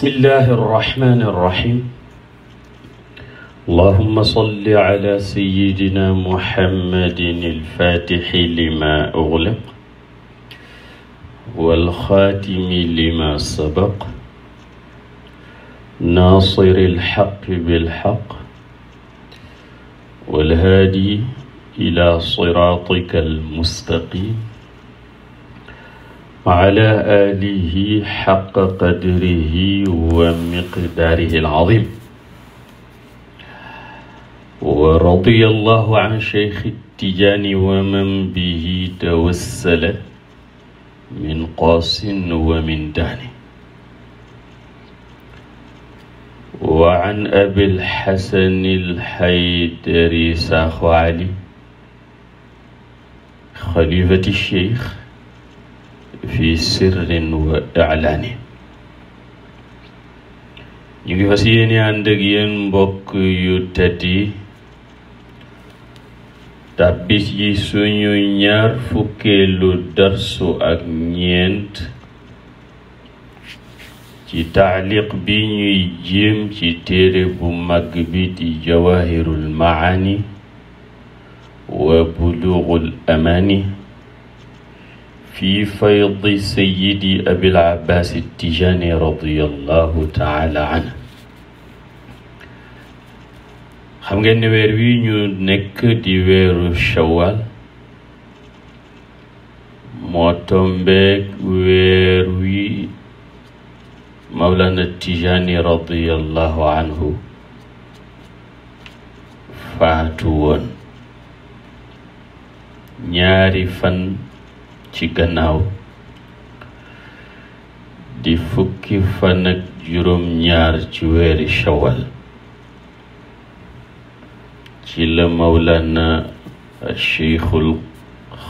بسم الله الرحمن الرحيم اللهم صل على سيدنا محمد الفاتح لما أغلق والخاتم لما سبق ناصر الحق بالحق والهادي إلى صراطك المستقيم ala alihi xaqa qadrihi wa miqdaarihi al-aziim wa radiya allahu an cheikh tijaani wa man bihi tawassala min qaasin wa min daani wa an abil xasan al-haydari Sakho Ali xalifati cheikh fi sirrin wa i'laani ñu ngi fas yéene ànd ak yéen mbokk yu tedd yi tàbbi ci suñu ñaar fukkeelu darsu ak ñeent ci taaliq bi ñuy jéem ci téere bu mag bi di jawahirul maani wa bulughul amaani fi faydi sayidi abil abbas tijaani radiallahu taala anhu xam ngeen ne weer wi ñu nekk di weeru shawal moo tombeek weer wi mawlana tijaani radiallahu anhu faatu woon ñaari fan ci gannaaw di fukki fan ak juróom ñaar ci weeri shawal ci la mawlana cheikhul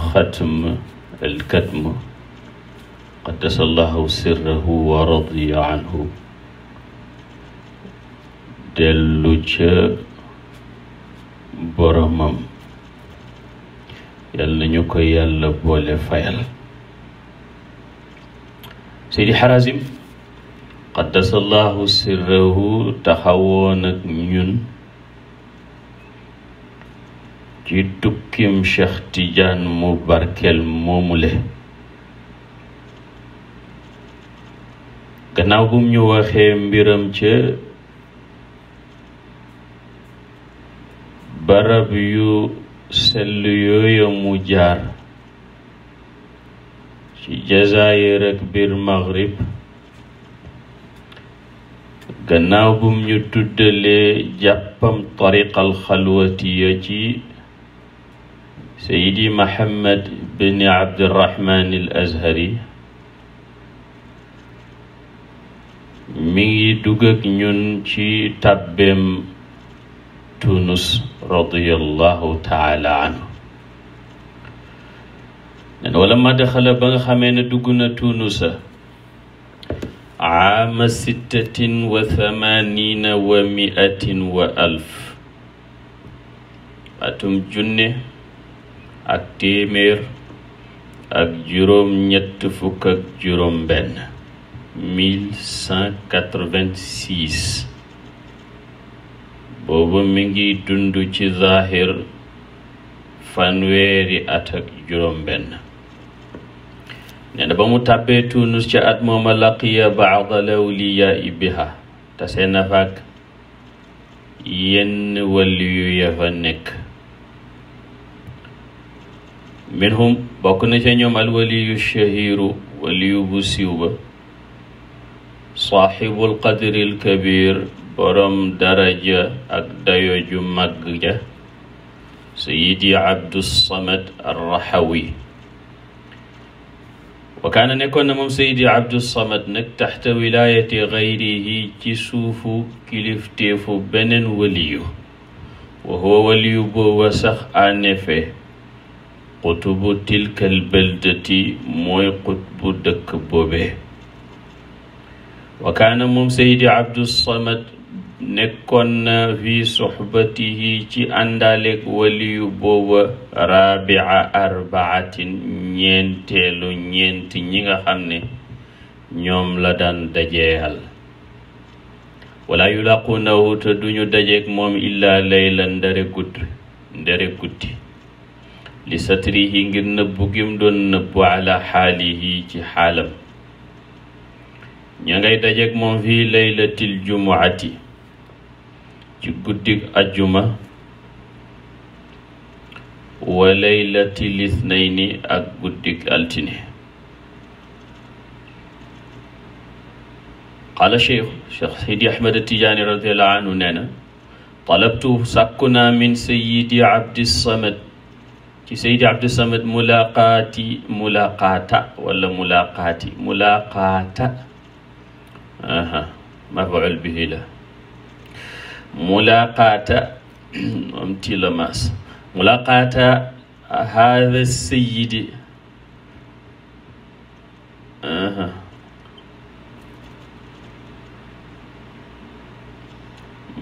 xatm al katm qaddasallahu sirrahu wa radiya anhu dellu ca boromam yal na ñu ko yàlla boole fayal Seydi Harazim qaddasallahu sirrahu taxawoon ak ñun ci tukkim Cheikh Tidiane mu barkel moomule gannaaw bum ñu waxee mbiram ca barab yu sell yooyu mu jaar ci Jazaayir ak biir Maghrib gannaaw bum ñu tuddalee jàppam tariqal xalwatiya ci Seydi Mohamed bin Abdirahman al Azhari mi ngi ñun ci tàbbeem Tunus radiyallahu taala anhu nen wala ma daxala ba nga xamee ne dugg na Tunusa aama sittatin wa thamanina wa miatin wa alf atum junne ak téeméer ak juróom ñett fukk ak juróom benn mille cent quatre-vingt-six boobu mi ngi dund ci zaahir fanweeri at ak juróom-benn nee na ba mu tàbbee Tuunus ca at mooma laqiya baada lawliya ibiha tase na faak yenn waliyu ya fa nekk minhum bokk na ca ñoom alwaliyu shahiru waliyu bu siiw ba saaxibul qadril kabir boroom daraja ak dayo ju màgg ja sayidi abdussamad arraxawi wa kaana nekkoon na moom sayidi abdussamad nag taxta wilayati gayrihi ci suufu kilifteefu beneen waliyu wa huwa waliyu booba sax en effet xutubu tilka albaldati mooy xutbu dëkk boobe wa kaana moom sayidi abdussamad nekkoon na fi yi ci àndaaleeg waliyu booba rabia arbaatin ñeenteelu ñeenti ñi nga xam ne ñoom la daan dajeexal wala yulaquunahu te duñu dajeeg moom illaa layla ndere guddi ndere guddi li satrihi ngir nëbbu gim doon nëbbu ala xaalihi ci xaalam ña ngay dajeeg moom fii laylatil jumuati ci guddig ajjuma wa laylati lisnayni ak guddig altine qaala cheikh cheikh seydi ahmed tijaani radiallahu anhu nee na talabtu sàkku naa min sayidi abdisamad ci sayidi abdisamad mulaqaati mulaqaata wala mulaqaati mulaqaata aha mafaul bihi la mulaqata am tila mas mulaqata hadha sayidi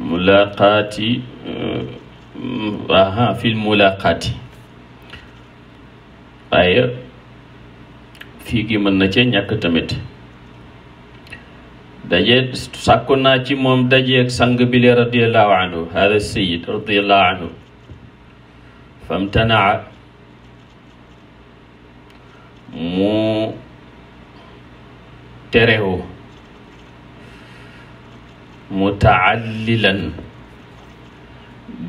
mulaqati aha fi mulaqati waaye fii gi mën na cee ñàkk tamit daje sàkku naa ci moom daje ak sang bi le radiallahu anhu hada sayid radiallahu anhu famtanaa mu terewu mutaallilan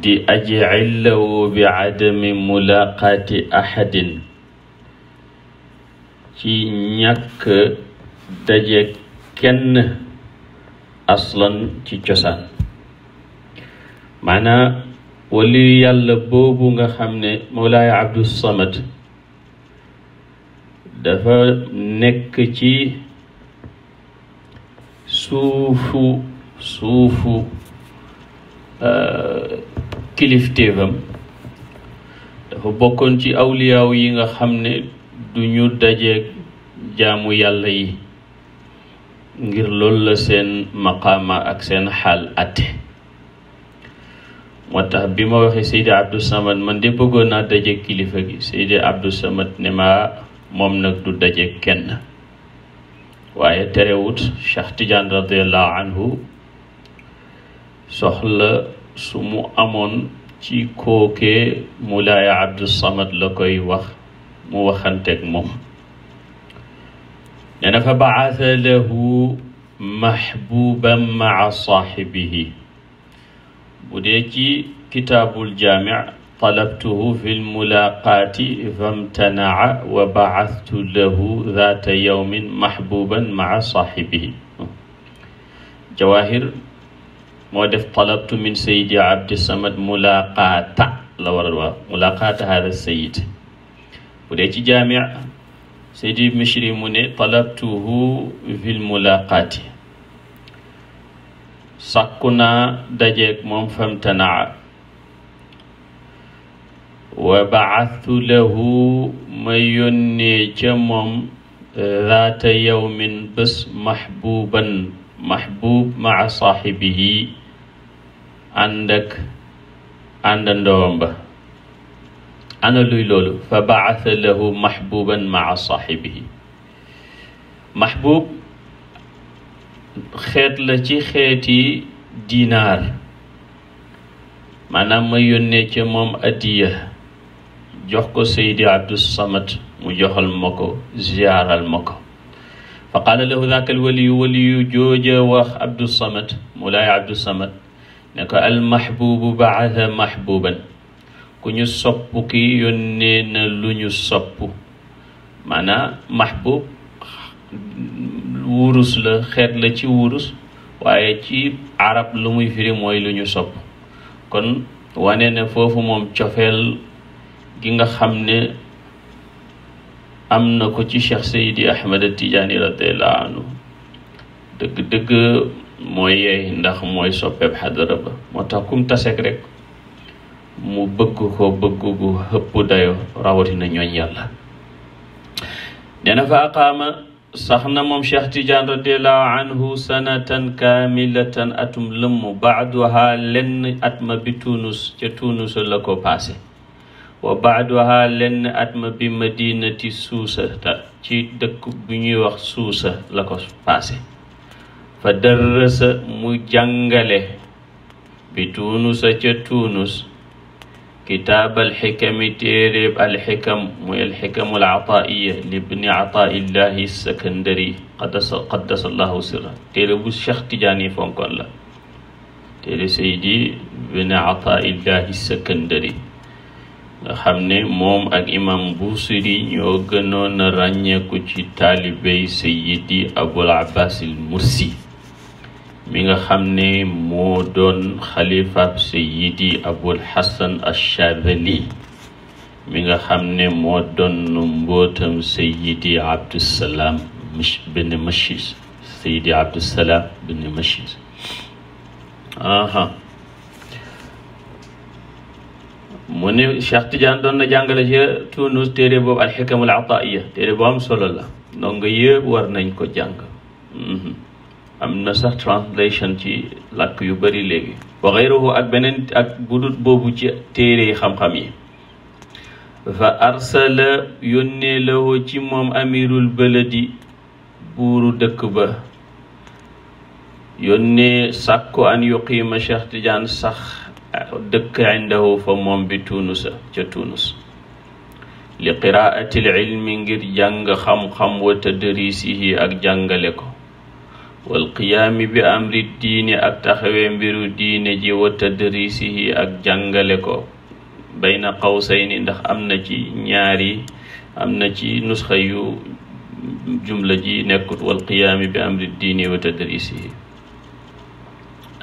di aji cillawu bi adami mulaqaati ahadin ci ñàkk daje kenn aslan ci cosaan maanaa wali yàlla boobu nga xam ne Mawlaay Abdou Samad dafa nekk ci suufu suufu euh, kilifteefam dafa bokkoon ci awliyaaw yi nga xam ne du ñu dajeeg jaamu yàlla yi ngir loolu la seen maqaama ak seen xaal atte moo tax bi ma waxee Seydi Abdou Samad man de bëggoon daje kilifa gi Seydi Abdou Samad ne ma moom nag du daje kenn waaye terewut Cheikh Tidiane radiallahu anhu soxla su mu amoon ci kookee Moulaye Abdou Samad la koy wax mu waxanteeg moom nee na fa bacaata lahu maxbuban maca saaxibihi bu dee ci kitaabul jaamic talabtuhu fi lmulaaqaati famtanaca wa bacatu lahu daata yawmin maxbuban maca saaxibihi jawaahir moo def talabtu min sayidi abdisamad mulaaqaata la waral waa mulaaqaata haada sayid bu dee ci jaamic Seydi Mishri mu ne talabtuhu fil mulaqaati sàkku naa dajeeg moom famtanaa wa bacathtu lahu ma yónnee ca moom zaata yawmin bés maxbuuban maxbuub maca saaxibihi ànd ak àndandoom ba ana luy loolu fa baata lahu mahbuban maa saaxibihi mahbub xeet la ci xeeti dinaar maanaam ma yónnee ca moom addiya jox ko saydi abdus samad mu joxal ma ko ziyaaral ma ko fa qaala lahu daaka al waliyu waliyu jooja wax abdus samad mu laay abdus samad ne ko al mahbubu baata mahbuban ku ñu sopp ki yónnee na lu ñu sopp maanaam mahbub wurus la xeet la ci wurus waaye ci arab lu muy firi mooy lu ñu sopp kon wane na foofu moom cofeel ki nga xam ne am na ko ci Cheikh Seydi Ahmed Tidiane radiallahu anhu dëgg-dëgg mooy yeey ndax mooy soppeeb xadara ba moo tax kum tasek rek mu bëgg ko bëgg gu xëpp dayo rawatina ñooñ yàlla dena fa aqaama sax na moom cheikh tidiane radiallahu anhu sanatan kaamilatan atum lëmm baaduha lenn at ma bi tunus ca tunus la ko passé wa baaduha lenn at bi madinati suusa ci dëkk bu ñuy wax suusa la ko passé fa dërësa mu jàngale bi tunusa ca tunus kitaab alxikami téeréeb alxikam muy alxikamu alataaiya libni ataaillahi sakandari qaddasa qaddasa llahu sirra téere bu Cheikh Tidiane fonkoon la téere Seydi bni ataaillahi sakandari nga xam ne ak imam Buusiri ñoo gënoon a ràññeeku ci taalibey Seydi Abul Abbas al Mursi mi nga xam ne moo doon xalifaab sayidi abul hasan ashadali mi nga xam ne moodon doon mbootam sayidi abdusalaam bin mashis sayidi abdusalaam bin mashis aha mu ne Cheikh Tidiane na jàngale ci Tuunus téere boobu alxikamul ataiya téere bu am solo la donc nga yëpp war nañ ko jàng mhm. am na sax translation ci làkk yu bari léegi wa xayruhu ak beneen ak budut boobu ci téere yi xam-xam yi fa arsala yónnee lawoo ci moom amirul baladi buuru dëkk ba yónnee sàkku an yuqiima Cheikh Tidiane sax dëkk indahu fa moom bi tunusa ca tunus li qiraatil ilmi ngir jàng xam-xam wa tadrisihi ak jàngale ko walqiyaami bi amri diini ak taxawee mbiru diine ji wa tadrisihi ak jàngale ko bayna qawsayni ndax am na ci ñaari am na ci nusxa yu jumla ji nekkut walqiyaami bi amri diini wa tadrisihi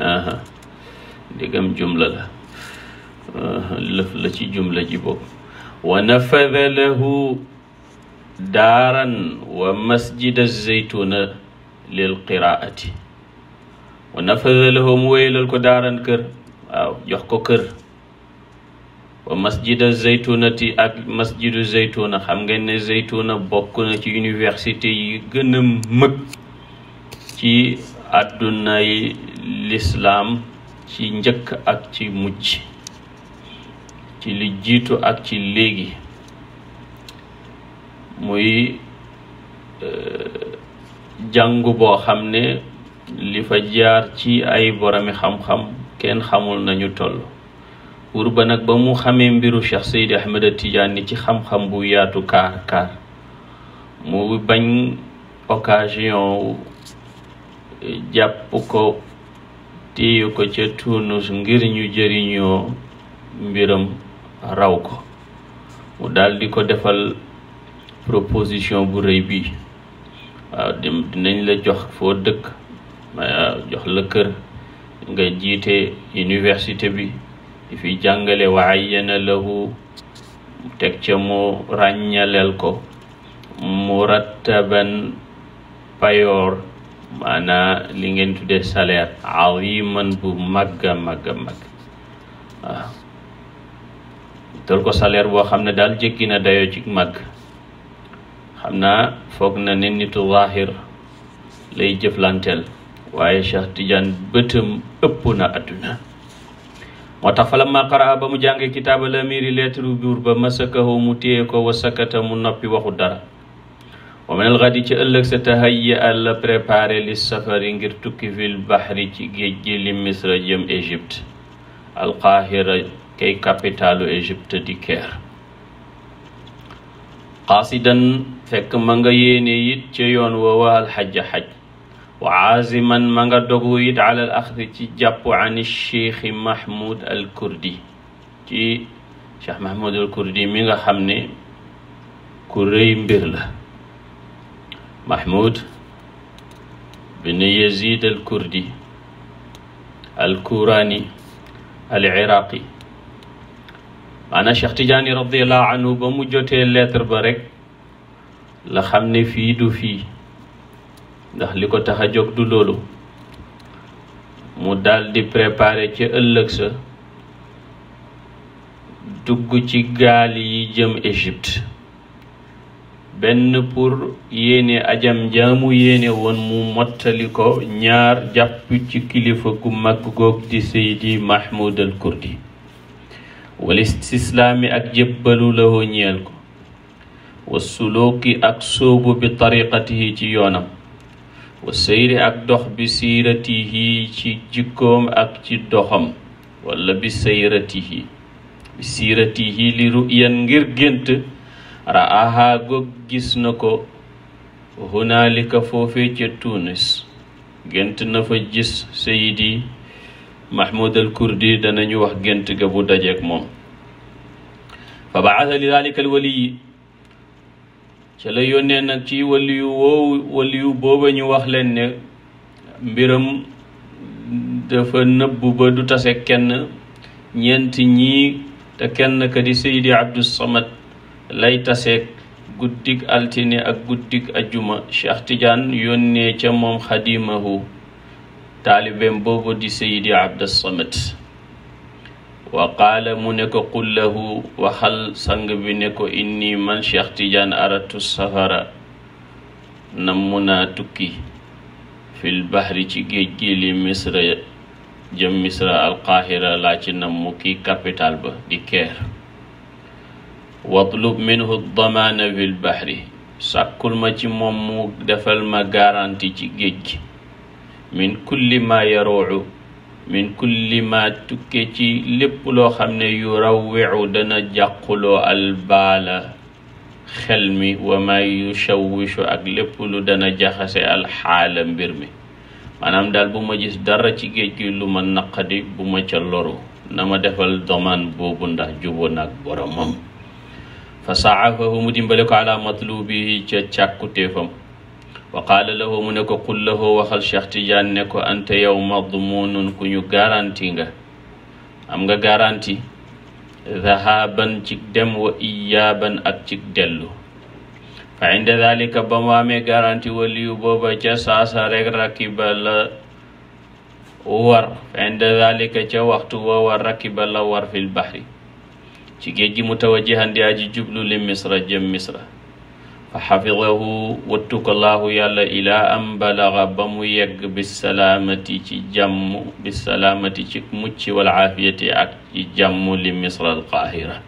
aha digam jumla la lëf la ci jumla ji boobu wa nafada daaran wa masjida zaytuna lil qiraati wa nafada lahu mu wéyalal ko daaran kër waaw jox ko kër wa masjida zaytunati ak masjidu zaytuna xam nga ne zaytuna bokk na ci université yi gën a mëg ci àddunay lislaam ci njëkk ak ci mucc ci li jiitu ak ci léegi muy euh, jàngu boo xam ne li fa jaar ci ay boromi xam-xam kenn xamul nañu toll wur ba nag ba mu xamee mbiru Cheikh Seydi Ahmed Tidiane ci xam-xam bu yaatu kaar kaar mu bañ occasion jàpp ko téye ko ca Tuunus ngir ñu jëriñoo mbiram raw ko mu daldi ko defal proposition bu rëy bi waaw dinañ la jox foo dëkk jox la kër nga jiite université bi di fi jàngale wa ayyana lahu teg ca mu ràññaleel ko murattaban payoor maanaa li ngeen tuddee salaire aziman bu màgg a màgg a màgg waaw tol ko salaire boo xam ne daal jéggi na dayoo ci màgg xam naa foog na ne nitu zaahir lay jëflanteel waaye Cheikh Tidiane bëtam ëpp na adduna moo tax fa lamma qaraa ba mu jàngee kitaaba lamiiri lettre buur ba masakahu mu téye wa sakata mu noppi waxu dara wa min alxadi ci ëllëg sa tahayya àlla préparé li safari ngir tukki fil bahri ci géej li misra jëm égypte alqaahira kay capitalu égypte di Caire qasidan fekk ma nga yéene it ca yoon wa waxal xajja xaj wa aziman ma nga dogu it ci jàpp ani cheikhi mahmud ci cheikh mahmud mi nga xam ne ku rëy mbir la mahmud bin yazid al kurdi al kurani al iraqi maanaam cheikh tijaani radiallahu anhu mu jotee lettre ba la xam ne fii du fii ndax li ko tax a jóg du loolu mu daldi préparer ca ëllëg sa dugg ci gaal yi jëm Égypte benn pour yéene ajam jamu yéene woon mu mottali ko ñaar jàpp ci kilifa gu mag goog di Seydi Mahmoud al Kurdi wala istislaami ak jébbalu la ñeel ko wa suluuki ak sóobu bi tariqatihi ci yoonam wa seyri ak dox bi siiratihi ci jikkoom ak ci doxam wala bi seyratihi bi siiratihi li ru'yan ngir gént ra'aha goog gis na ko hunaalika foofe ca Tunis gént na fa gis Seydi Mahmoud al Kurdi danañu wax gént ga bu dajeek moom fa ba'atha li dhalika al waliyi ca yónnee nag ci waliyu woowu waliyu booba ñu wax leen ne mbiram dafa nëbbu ba du tase kenn ñeenti ñii te kenn ka di Seydi Abdus lay taseeg guddig altine ak guddig ajjuma Cheikh Tidiane yónnee ca moom xadimahu taalibeem boobu di Seydi Abdus Samad wa qaala mu ne ko qul lahu waxal sang bi ne ko inni man Cheikh Tidiane aratu safara namu naa tukki fil bahri ci géej gi li misra jëm misra alqaahira laa ci namu kii capital ba di keer watlub minhu damaana fil bahri sàkkul ma ci moom mu defal ma garanti ci géej gi min kulli ma yaruucu min kulli ma tukke ci lépp loo xam ne yu rawwicu dana jàquloo albaala xel mi wa ma yu shawwishu ak lépp lu dana jaxase alxaala mbir mi maanaam daal bu ma gis dara ci géej gi lu ma naqadi bu ma ca loru na ma defal domaan boobu ndax juboo nag boromam fa saafahu mu dimbale ko ala matlubihi ca càkkuteefam wa qaala lahu mu ne ko qul lahu waxal Cheikh Tidiane ne ko anta yow madmunun ku garanti nga am nga garanti dhahaban cig dem wa iyaaban ak cig dellu fa inda dalika ba garanti waliyu booba ca saasa rek rakiba la war fa inda dalika ca waxtu woowa rakiba la war fil bahri ci géej gi mu tawajihan di aji jublu li misra jëm misra xafidahu wattukallahu yàlla ilaa am balaga ba mu yegg bisalaamati ci jàmm bisalaamati ci mucc wal aafiyati ak ci jàmm li misra al qaahira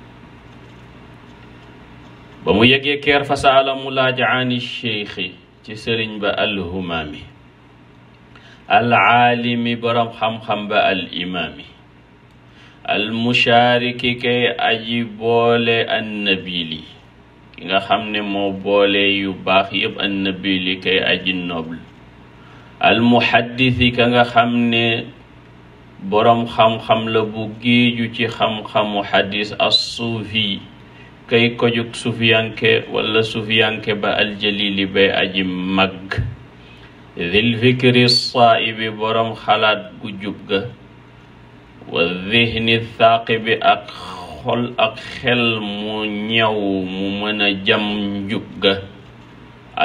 ba mu yeggee keer fasaala mu laaj aani cheikhi ci sëriñ ba alhumaami alcaalimi borom xam-xam ba al imaami almushaariki kay aji boole annabili ki nga xam ne moo boole yu baax yëpp annabi li kay aji noble al muhaddisi ka nga xam ne boroom xam-xam la bu géeju ci xam-xamu xadis as suufi kay kojug sufiyanke wala sufiyanke ba aljalili bay aji mag dil fikri saaibi boroom xalaat gu jub ga wa zihni saaqibi ak xol ak xel mu ñaw mu mën jam njub ga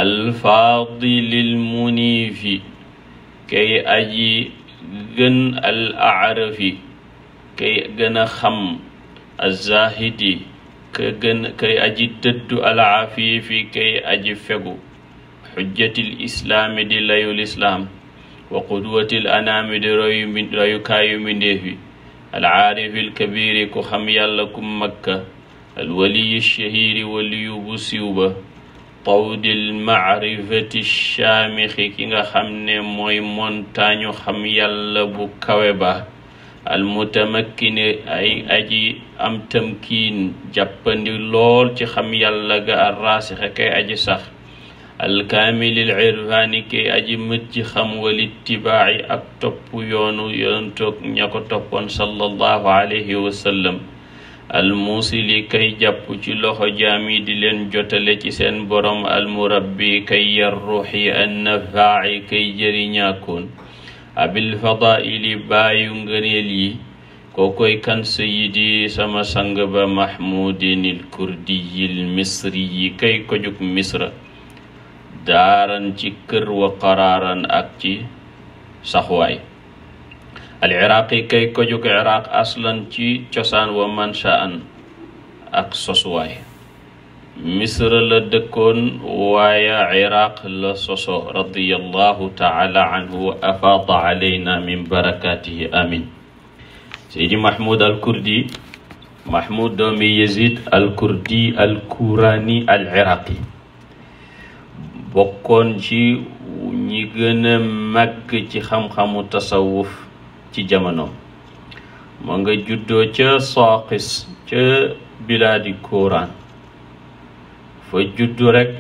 alfaadilil muniifi kay aji gën al aarafi kay gën a xam azahidi ka gën kay aji dëddu al afiifi kay aji fegu xujjatil islaami di layul islaam wa qudwatil anaami di royu kaayu mindéefi alcaarifi alkabiiri ku xam yàlla ku makka alwaliyi shahiiri waliyu bu siiw ba tawdi almacrifati shaamixi ki nga xam ne mooy montaañu xam yàlla bu kawe ba almutamakkini ay aji am tamkiin jàppandi lool ci xam yàlla ga arraasix kay aji sax alkaamilil irfaani kay aji mët ci xam wal ittibaaci ak topp yoonu yonentoog ña ko toppoon sallallahu alayhi wa sallam almuusili kay jàpp ci loxo jaam yi di leen jotale ci seen borom almurabbi kay yar ruuxi annafaaci kay jëriñaakoon abil fadaili baayu ngëneel yi kookoy kan sayidi sama sang ba mahmudinil kurdiyil misri yi kay kojug misra daaran ci kër wa qaraaran ak ci saxwaay al iraaqi kay ko jóg iraaq aslan ci cosaan wa manshaan ak sosuwaay misra la dëkkoon waaye iraaq la soso radiyallahu taala anhu wa afaada alayna min barakaatihi amin seydi mahmud al kurdi mahmud doomi yazid al kurdi al kurani al iraaqi bokkoon ci ñi gën a ci xam-xamu tasawuf ci jamono ma nga juddoo ca Saqis ca bilaadi Kuraan fa juddu rekk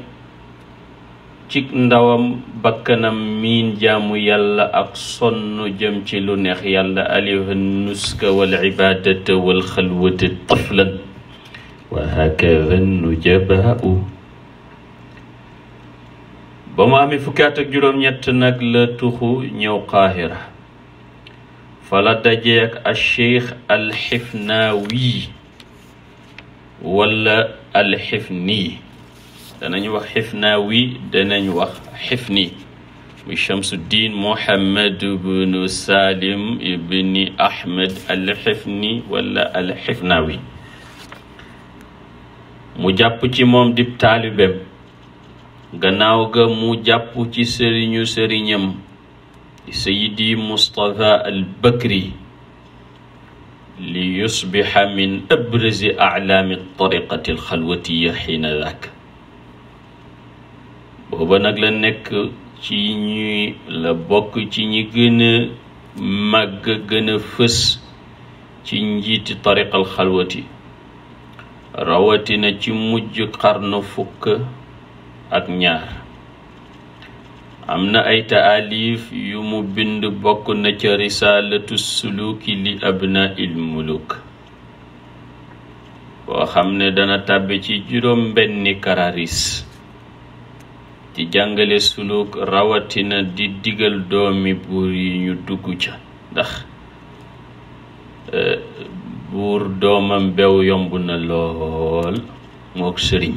ci ndawam bakkanam miin jaamu yàlla ak sonn jëm ci lu neex yàlla aliha nuska wal ibaadata wal xalwata taflan wa hakada nujabau ba mu amee fukki at juróom-ñett nag la tuxu ñëw qaahira fa la dajee ak alcheikh alxifnaawi wala alxifni danañ wax xifnaawi danañ wax xifni muy chamsuddin mohammad ibnu salim ibni ahmed alxifni wala alxifnaawi mu jàpp ci moom dib taalibem gannaaw ga mu jàpp ci sëriñu sëriñam di sayidi mustafa al bakri li yusbixa min abrazi aclaami tariqati alxalwatiya xiina dak booba nag la nekk ci ñuy la bokk ci ñi gën a màgg gën a fës ci njiit tariqa alxalwati rawatina ci mujj xarnu fukk ak ñaar am na ay taalif yu mu bind bokk na ca risalatu suluki li abna il muluk boo xam ne dana tàbbi ci juróom benni kararis ci jàngale suluk rawatina di digal doomi buur yi ñu dugg ca ndax e, buur doomam bew yomb na lool mook sëriñ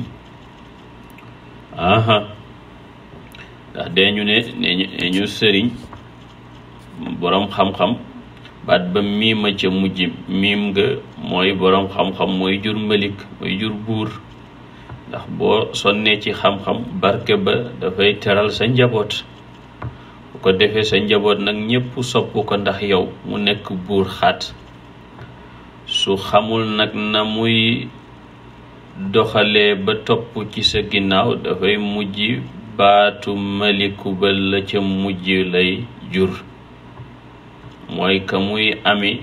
aha ndax dee ñu ne nee ñu sëriñ boroom xam-xam baat ba miima ca mujj miim nga mooy boroom xam-xam mooy jur malik mooy jur buur ndax boo sonnee ci xam-xam barke ba dafay teral sa njaboot bu ko defee sa njaboot nag ñépp sopp ko ndax yow mu nekk buur xaat su xamul nag na muy doxale ba topp ci sa ginnaaw dafay mujj baatu maliku ba la ca mujj lay jur mooy ka muy ami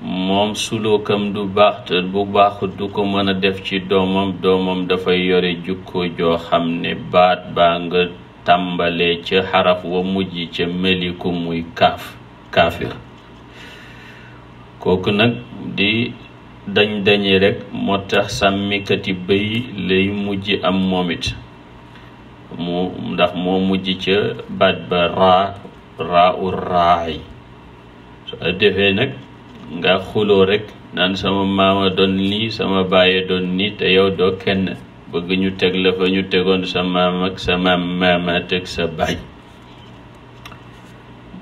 moom suluukam du baax te bu baaxut du ko mëna def ci doomam doomam dafay yore jukko joo xam ne baat baa nga tàmbalee ca xaraf wa mujj ca meliku muy kaaf kaafir kooku nag di dañ dañee rekk moo tax sàmmikati bëy lay mujj am moom mu ndax moo mujj ca baat ba raa raa u raay su defee nag nga xuloo rek naan sama maama doon lii sama baaye doon nii te yow doo kenn bëgg ñu teg la fa ñu tegoon sa maam ak sa maam maamaat ak sa baay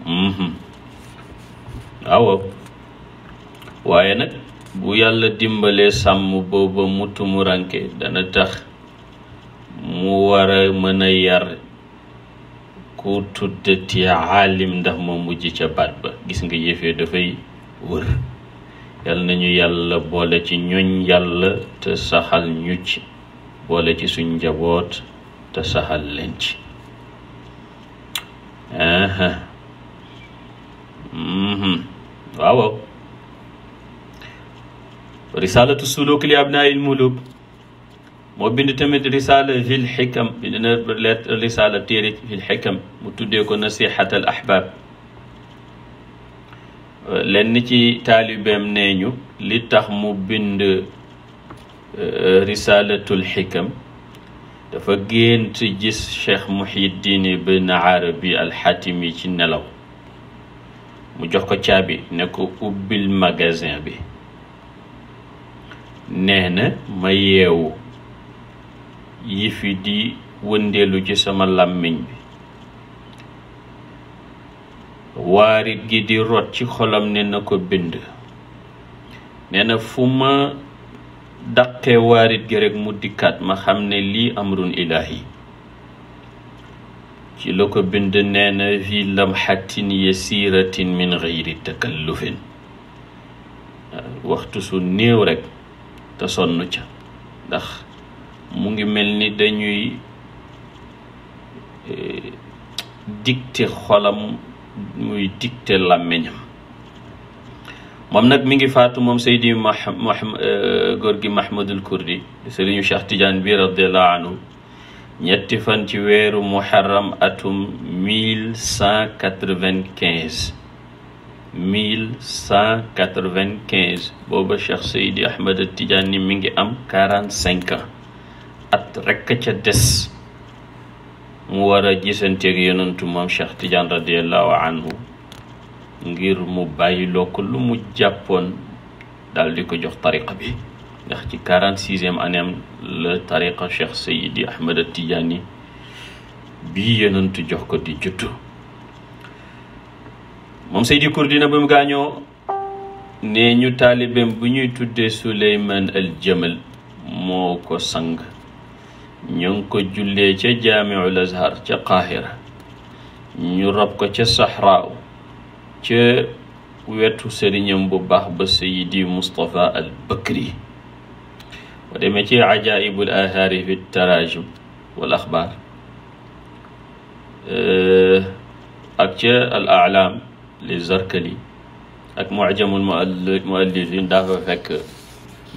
mhm. waaw waaye nag bu yàlla dimbalee sàmm booba mu tumuranke dana tax mu war a mën a yar ku tuddati aalim ndax ma mujj ca baat ba gis nga yëfee dafay wër yàlla nañu yàlla boole ci ñooñ yàlla te saxal ñu boole ci suñ njaboot te saxal leen ci mhm. waaw risalatu suluk li abnail muluk moo bind tamit risala fil xikam bind na lettre risala téere fil xikam mu tuddee ko nasihat al ci taalibeem nee ñu li tax mu bind risalatul xikam dafa gént gis cheikh muhiddin ibn arabi alxatimi ci nelaw mu jox ko caabi ne ko ubbil magasin bi nee na ma yeewu yi fi di wëndeelu ci sama làmmiñ bi waarit gi di rot ci xolam ne na ko bind nee na fu ma daqee waarit gi rekk mu dikkaat ma xam ne lii amrun ilaahi ci la ko bind nee na fi lamxatin yasiratin min gayri takallufin waxtu su néew rekk te sonn ca ndax mu ngi mel ni dañuy eh, dicté xolam muy dicté làmmiñam moom nag mi ngi faatu moom Seydi Muhammad eh, góor gi Mahmadul Kurdi sëriñu Cheikh Tidiane bi radiallahu anhu ñetti fan ci weeru muharram atum mille vingt quinze mille cent quatre-vingt-quinze booba Cheikh Seydi mi ngi am quarante-cinq ans at rekk ca des mu war a gisanteeg yonentu moom Cheikh Tidiane radiallahu anhu ngir mu bàyyiloo ko lu mu jàppoon daal di ko jox tariqa bi ndax ci quarante-sixième année am la tariqa Cheikh Seydi Ahmed Tidiane bii yonentu jox ko di juddu moom Seydi Kurdina bu mu gaañoo nee ñu taalibeem bu ñuy tuddee Suleymaan al moo ko sang ñu ko jullee ca jaamiul azhar ca Qahira ñu rob ko ca Sahraaw ca wetu sëriñam bu baax ba Seydi Mustapha al Bakri wa demee ci ajaa'ibul aathaari fi taraajum wal axbaar ak ca li Zarkali ak mujamul muallifin dafa fekk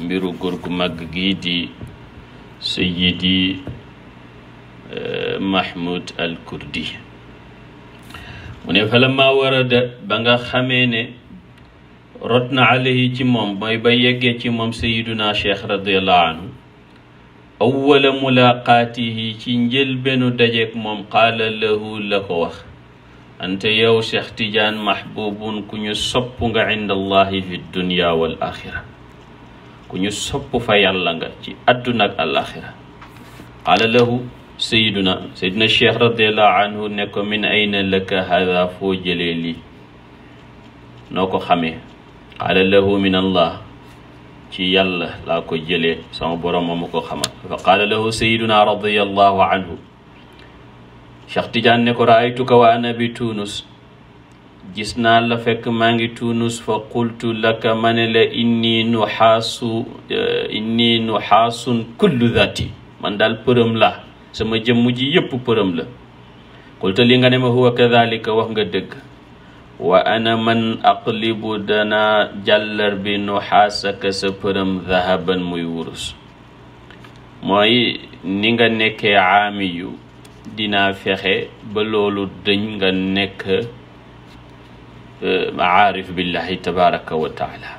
mbiru góor gu màgg gii di Sayyidi eh, Mahmoud al Kurdi mu ne falamma warada ba nga xamee ne rot na alayhi ci moom mooy ba yeggee ci moom sayiduna cheikh radiallahu anhu awwala mulaaqaatihi ci njëlbeenu dajeek moom qaala lahu la ko wax ante yow Cheikh Tidiane mahbubun ku ñu sopp nga inda allahi fi dunya wal axira ku ñu sopp fa yàlla nga ci àdduna ak al'axira qaala lahu sayiduna sayiduna cheikh radiallahu anhu ne ko min ayna laka hada foo jëlee lii noo ko xamee qaala lahu min allah ci yàlla laa ko jëlee sama boroom ma ko xamal fa qaala lahu sayiduna radiallahu anhu Cheikh Tidiane ko raaytuka wa ana bi Tuunus gis naa la fekk maa ngi Tuunus fa qultu laka ma la inni nuxaasu eh, inni nuxaasun kullu dhati man daal përëm la sama jëmm ji yëpp përëm la qulta li nga ne ma huwa kadhalika wax nga dëkk wa ana man aqlibu dana jàllar bi nuxaasaka sa përëm dahaban muy wurus mooy ni nga nekkee aami yu dinaa fexe ba loolu dañ nga nekk euh, aarif billahi tabaraka wa taala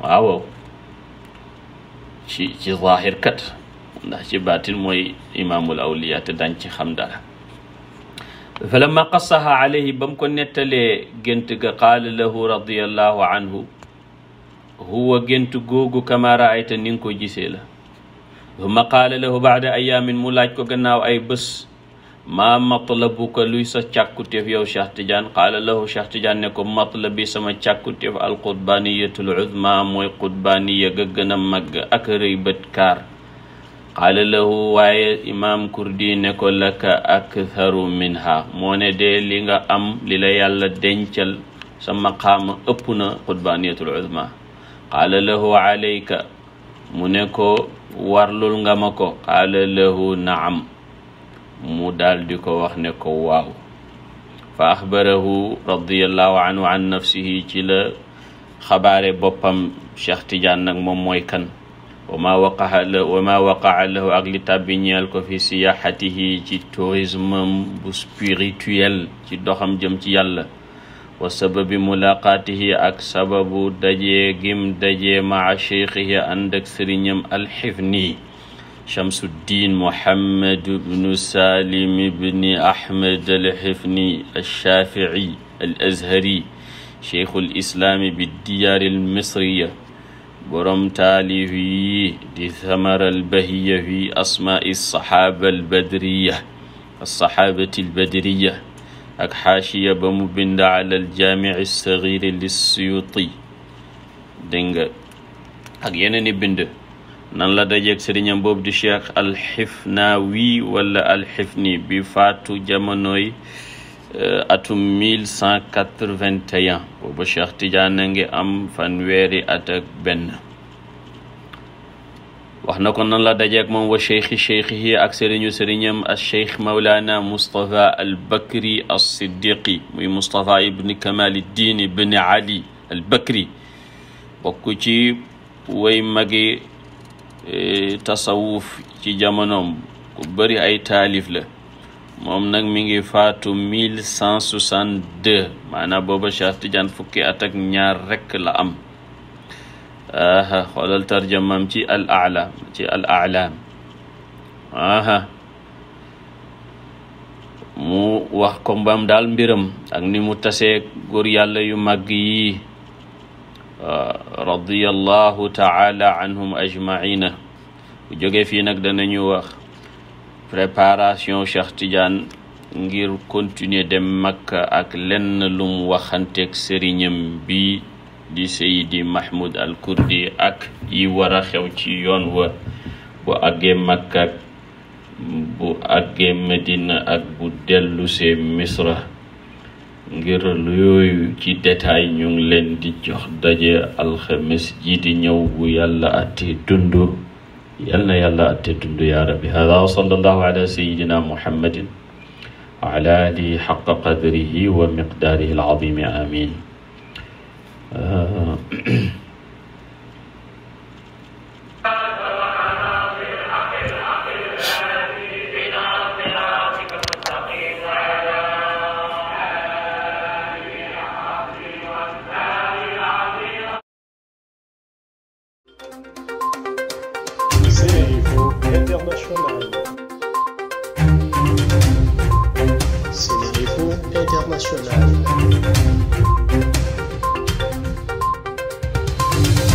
waaw ci ci zaahir kat ndax ci baatin mooy imaamul awliya te dañ ci xam dara fa lamma qassaha alayhi ba mu ko nettalee gént ga qaala lahu radiallahu anhu huwa gént googu kama raayta ni nga ko gisee la summa qaala lahu baada ayaamin mu laaj ko gannaaw ay bés maa matlabuka luy sa càkkutéef yow Cheikh Tidiane qaala lahu Cheikh Tidiane ne ko matlabi sama càkkutéef alqutbaaniyatul uzma mooy qutbaaniya ga gën a màgg ak rëy bët kaar qaala lahu waaye imaam kurdi ne ko laka aktharu minha moo ne dee li nga am li la yàlla dencal sa maqaama ëpp na qutbaaniyatul uzma qaala lahu alayka mu ne ko warlul nga ma ko qaala lahu naam mu daldi ko wax ne ko waaw fa axbarahu radiallahu anhu an nafsihi ci la xabaare boppam Cheikh Tidiane nag moom mooy kan wa ma waqaa lahu ak li ko fi siyaxatihi ci tourisme bu spirituel ci doxam jëm ci yàlla wa sababi mulaqaatihi ak sababu dajee gim dajee maa cheikhihi ànd ak sëriñam alxifni chamsuddin mohammad bnu salim bni ahmed alxifni alshafii al azhari cheikhul islaami bi diyaari almisriya borom taalif yi di thamara albahiya fi asmaai alsaxaaba albadriya alsaxaabati albadriya ak xaashiya ba mu bind ala aljaamici nga ak yeneen bind nan la dajeeg sëriñam boobu di cheikh alxifnaawi wala alxifni bi faatu jamonoy eh, atum 1181 boobu cheikh tidiane ngi am fanweeri at ak benn wax na ko nan la dajeeg moom wa cheikhi cheikhihi ak sëriñu sëriñam al cheikh maulana moustapha al bakri al siddiqi muy moustapha ibni kamaliddin ibni ali al bakri bokk ci way magi e, tasawuf ci jamonoom ku bëri ay taalif la moom nag mi ngi faatu mille cent soixante-deux maanaam booba Cheikh Tidiane fukki at ak ñaar rekk la am aha xoolal ci al wax ko mbam daal mbiram ak ni mu tasee góor yàlla yu màgg yi radiyallahu taala anhum ajmaina bu jógee fii nag danañu wax préparation Cheikh Tidiane ngir continuer dem Makka ak lenn lum waxanteeg sëriñam bi di Seydi Mahmoud al Kurdi ak yi war a xew ci yoon wa bu àggee Makka bu àggee Medina ak bu dellusee Misra ngir lu yooyu ci détail ñu ngi leen di jox daje alxames ji di ñëw bu yàlla atti dund yal na yàlla atti dund yaa rabbi hada wa sallallahu ala sayidina muhammadin wa ala alihi xaqa qadrihi wa miqdaarihi alazimi amin Uh,